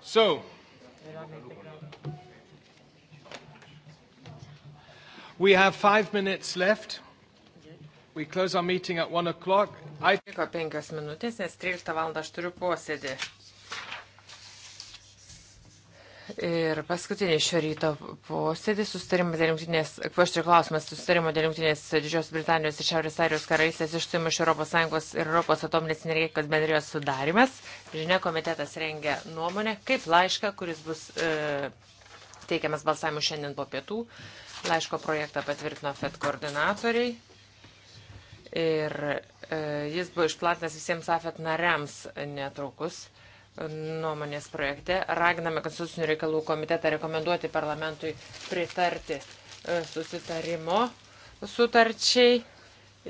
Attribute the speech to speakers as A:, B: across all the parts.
A: So, we have five minutes left.
B: We close our meeting at one o'clock. I... Liko penkios minutės, nes 13 val. aš turiu posėdį. Ir paskutinis šio ryto posėdis, susitarimas dėl jungtinės, kvaštri klausimas, susitarimo dėl jungtinės Didžiosios Britanijos ir Šiaurės Airijos karaisės išstumimo iš ES ir Europos atominės energetikos bendrijos sudarimas. Žinia, komitetas rengia nuomonę kaip laišką, kuris bus e, teikiamas balsavimu šiandien po pietų. Laiško projektą patvirtino FED koordinatoriai. Ir e, jis buvo išplatintas visiems AFET nariams netrukus nuomonės projekte. Raginame Konstitucinių reikalų komitetą rekomenduoti parlamentui pritarti e, susitarimo sutarčiai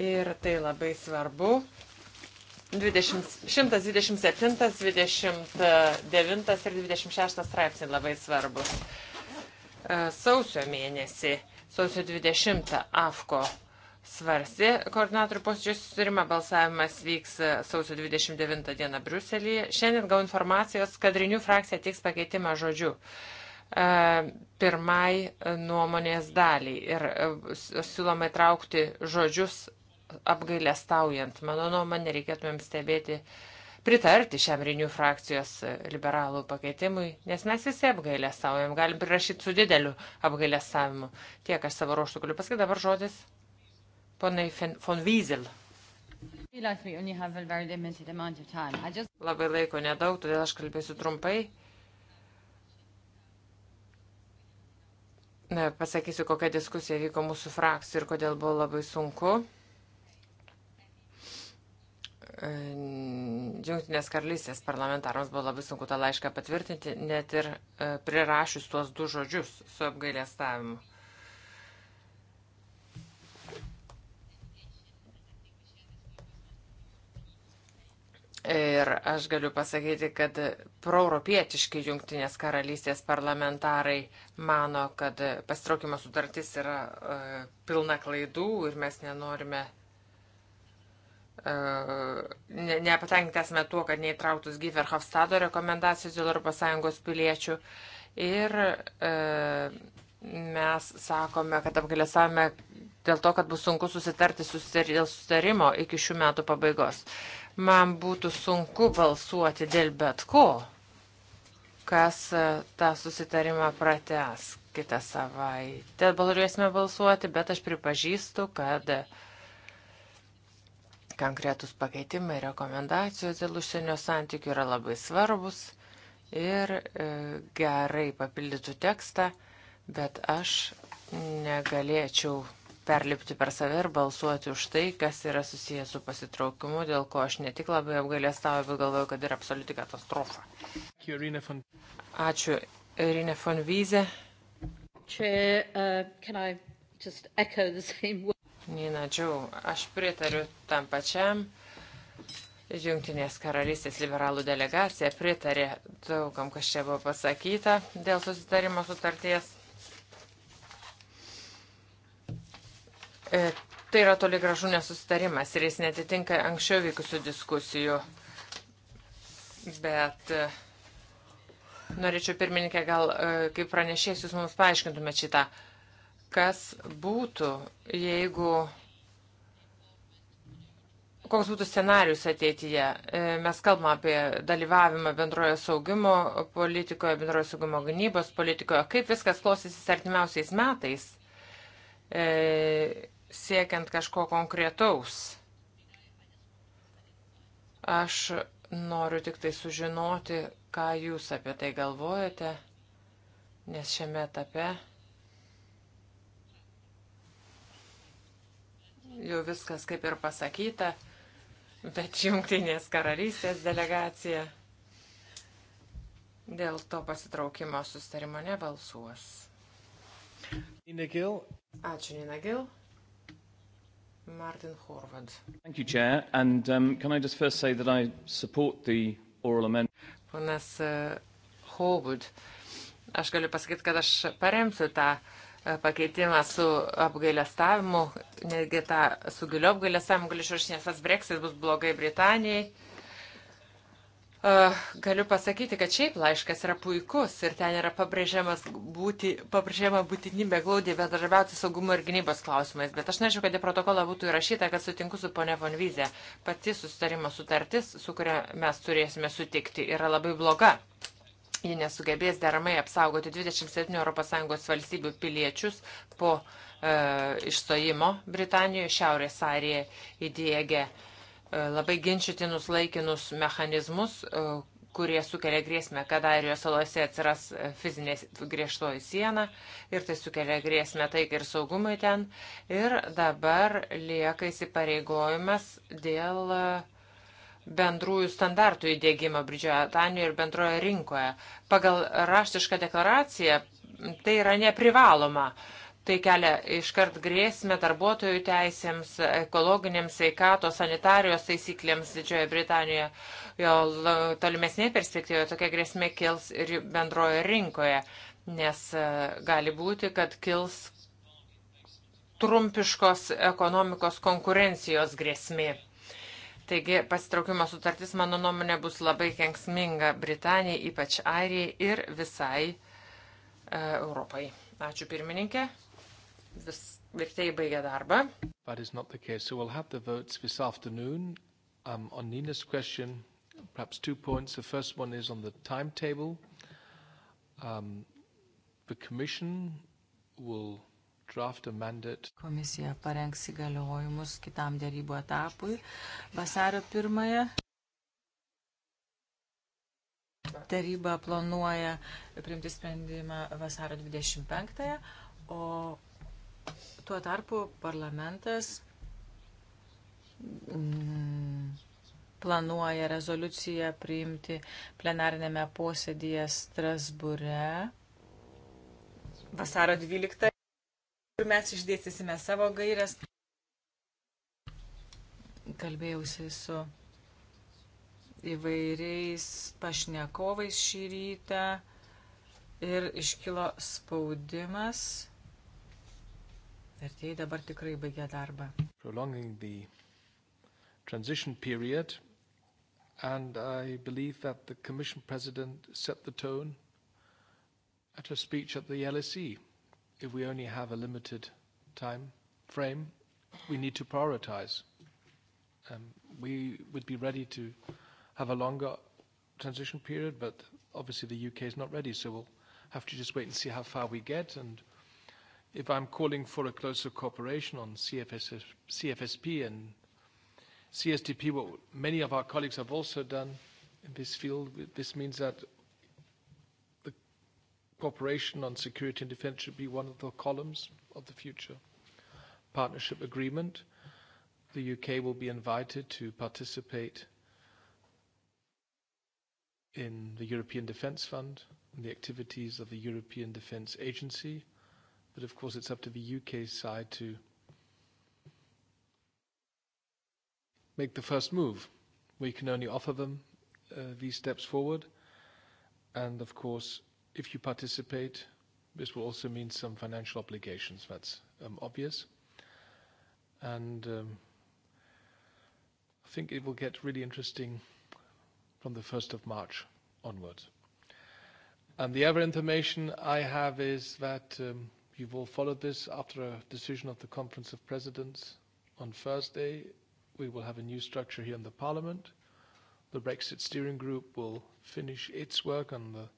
B: ir tai labai svarbu. 20, 127, 29 ir 26 straipsniai labai svarbus. E, sausio mėnesį, sausio 20 AFKO svarstė koordinatorių posėdžio susitarimą. Balsavimas vyks e, sausio 29 dieną Bruselėje. Šiandien gau informacijos, kad Rinių frakcija teiks pakeitimą žodžiu e, pirmai e, nuomonės daliai ir siūloma įtraukti žodžius apgailestaujant. Mano nuomonė, reikėtumėm stebėti, pritarti šiam Rinių frakcijos liberalų pakeitimui, nes mes visi apgailestaujam, galim prirašyti su dideliu apgailestavimu. Tiek aš savo ruoštų galiu pasakyti, dabar žodis Ponai von Wiesel. Labai laiko nedaug, todėl aš kalbėsiu trumpai. Na, pasakysiu, kokia diskusija vyko mūsų frakcijų ir kodėl buvo labai sunku. E, Junktinės karalystės parlamentarams buvo labai sunku tą laišką patvirtinti, net ir e, prirašius tuos du žodžius su apgailėstavimu. Ir aš galiu pasakyti, kad proeuropietiški jungtinės karalystės parlamentarai mano, kad pasitraukimo sutartis yra e, pilna klaidų ir mes nenorime, e, ne, nepatenkinti esame tuo, kad neįtrauktus Giverhofstado rekomendacijos dėl ES piliečių. Ir e, mes sakome, kad apgalėsame dėl to, kad bus sunku susitarti dėl susitarimo iki šių metų pabaigos. Man būtų sunku balsuoti dėl bet ko, kas e, tą susitarimą prates kitą savaitę. Balsuosime balsuoti, bet aš pripažįstu, kad konkretus pakeitimai, rekomendacijos dėl užsienio santykių yra labai svarbus ir e, gerai papildytų tekstą, bet aš negalėčiau perlipti per save ir balsuoti už tai, kas yra susijęs su pasitraukimu, dėl ko aš ne tik labai apgailėstauju, bet galvoju, kad yra absoliuti katastrofa. Ačiū, Irina von Vyze. Uh, Nina Džiau, aš pritariu tam pačiam. Junktinės karalystės liberalų delegacija pritarė daugam, kas čia buvo pasakyta dėl susitarimo sutarties E, tai yra toli gražu nesusitarimas ir jis netitinka anksčiau vykusių diskusijų. Bet e, norėčiau pirmininkė, gal e, kaip pranešės jūs mums paaiškintumėte šitą, kas būtų, jeigu, koks būtų scenarius ateityje. Mes kalbame apie dalyvavimą bendrojo saugimo politikoje, bendrojo saugimo gynybos politikoje. Kaip viskas klostysis artimiausiais metais? E, siekiant kažko konkretaus. Aš noriu tik tai sužinoti, ką jūs apie tai galvojate, nes šiame etape jau viskas kaip ir pasakyta, bet jungtinės karalystės delegacija dėl to pasitraukimo sustarimo nebalsuos. Ačiū, Nina Gil. Martin Horvad.
A: Thank you, Chair. And um, can I just first say that I support the oral amendment?
B: Ponas uh, Horvad, aš galiu pasakyti, kad aš paremsiu tą uh, pakeitimą su apgailestavimu, netgi tą su giliu apgailestavimu galiu išrašinės, tas Brexit bus blogai Britanijai Uh, galiu pasakyti, kad šiaip laiškas yra puikus ir ten yra būti, pabrėžiama būtinybė glaudžiai bendradarbiauti saugumo ir gynybos klausimais, bet aš nežinau, kad į protokolą būtų įrašyta, kad sutinku su ponia von Vyze. Pati susitarimo sutartis, su kuria mes turėsime sutikti, yra labai bloga. Ji nesugebės deramai apsaugoti 27 ES valstybių piliečius po e, išstojimo Britanijoje, Šiaurės Airijoje įdėgė. E, E, labai ginčytinus laikinus mechanizmus, e, kurie sukelia grėsmę, kad Airijos salose atsiras e, fizinė griežtoji siena ir tai sukelia grėsmę taikai ir saugumui ten. Ir dabar lieka įsipareigojimas dėl bendrųjų standartų įdėgymo Bridžiatanijoje ir bendroje rinkoje. Pagal raštišką deklaraciją tai yra neprivaloma. Uh, Tai kelia iškart grėsmę darbuotojų teisėms, ekologiniams, sveikatos, sanitarijos taisyklėms Didžiojo Britanijoje. Jo tolimesnėje perspektyvoje tokia grėsmė kils ir bendroje rinkoje, nes e, gali būti, kad kils trumpiškos ekonomikos konkurencijos grėsmė. Taigi pasitraukimo sutartis, mano nuomonė, bus labai kengsminga Britanijai, ypač Airijai ir visai e, Europai. Ačiū pirmininkė vis vertėjai baigė darbą.
A: That is not the case. So we'll have the votes this afternoon um, on Nina's question. Perhaps two points. The first one is on the timetable. Um, the Commission will draft a mandate.
B: Komisija parengs įgaliojimus kitam dėrybų etapui vasario pirmąją. Taryba planuoja priimti sprendimą vasaro 25-ąją, o Tuo tarpu parlamentas mm, planuoja rezoliuciją priimti plenarinėme posėdėje Strasbūre vasaro 12 ir mes išdėstysime savo gairias. Kalbėjausi su įvairiais pašnekovais šį rytą ir iškilo spaudimas Vertėjai dabar tikrai baigia darbą.
A: Transition period, and I believe that the Commission President set the tone at her speech at the LSE. If we only have a limited time frame, we need to prioritize. Um, we would be ready to have a longer transition period, but obviously the UK is not ready, so we'll have to just wait and see how far we get and if I'm calling for a closer cooperation on CFS, CFSP and CSTP, what many of our colleagues have also done in this field, this means that the cooperation on security and defense should be one of the columns of the future partnership agreement. The UK will be invited to participate in the European Defence Fund and the activities of the European Defence Agency – But of course, it's up to the U.K. side to make the first move. We can only offer them uh, these steps forward. And of course, if you participate, this will also mean some financial obligations. That's um, obvious. And um, I think it will get really interesting from the 1st of March onwards. And the other information I have is that um, You've all followed this. After a decision of the Conference of Presidents on Thursday, we will have a new structure here in the Parliament. The Brexit Steering Group will finish its work on the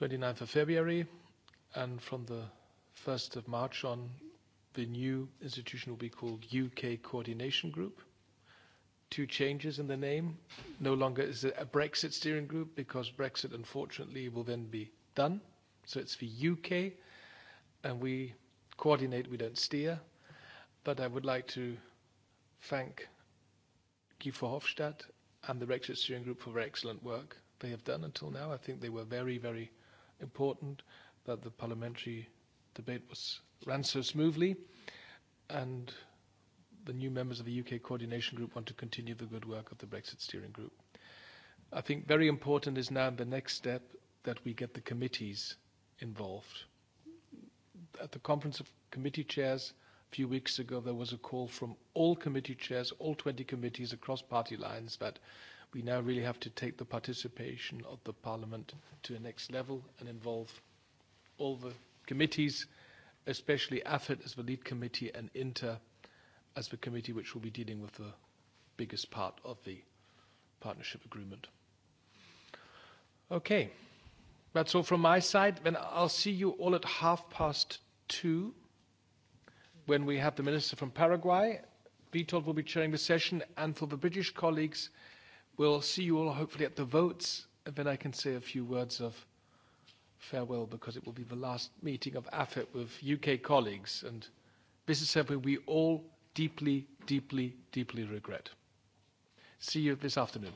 A: 29th of February, and from the 1st of March on, the new institution will be called UK Coordination Group. Two changes in the name. No longer is it a Brexit Steering Group because Brexit, unfortunately, will then be done. So it's the UK and we coordinate, we don't steer. But I would like to thank Guy Verhofstadt and the Brexit Steering Group for their excellent work they have done until now. I think they were very, very important that the parliamentary debate was ran so smoothly, and the new members of the UK coordination group want to continue the good work of the Brexit Steering Group. I think very important is now the next step that we get the committees involved at the conference of committee chairs a few weeks ago, there was a call from all committee chairs, all 20 committees across party lines that we now really have to take the participation of the parliament to a next level and involve all the committees, especially AFID as the lead committee and INTER as the committee which will be dealing with the biggest part of the partnership agreement. Okay. That's all from my side. Then I'll see you all at half past two, when we have the Minister from Paraguay. Vitold will be chairing the session, and for the British colleagues, we'll see you all hopefully at the votes, and then I can say a few words of farewell because it will be the last meeting of AFET with UK colleagues, and this is something we all deeply, deeply, deeply regret. See you this afternoon.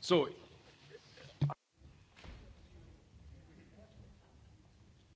A: So